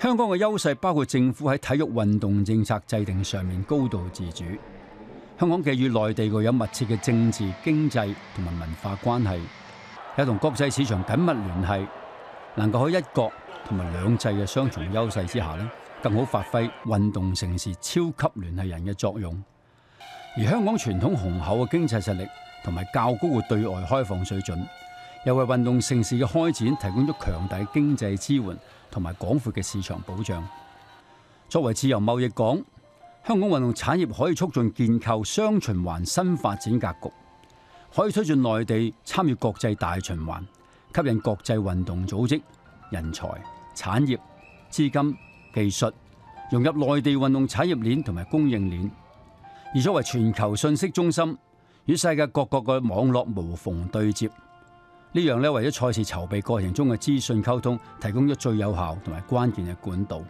香港嘅優勢包括政府喺體育運動政策制定上面高度自主；香港既與內地具有密切嘅政治、經濟同埋文化關係，又同國際市場緊密聯繫，能夠喺一國同埋兩制嘅雙重優勢之下，咧更好發揮運動盛事超級聯繫人嘅作用；而香港傳統雄厚嘅經濟實力同埋較高嘅對外開放水準。又為運動城市嘅開展提供咗強大經濟支援同埋廣闊嘅市場保障。作為自由貿易港，香港運動產業可以促進建構雙循環新發展格局，可以推進內地參與國際大循環，吸引國際運動組織、人才、產業、資金、技術融入內地運動產業鏈同埋供應鏈。而作為全球信息中心，與世界各國嘅網絡無縫對接，呢樣咧，為咗賽事籌備過程中嘅資訊溝通，提供咗最有效同埋關鍵嘅管道。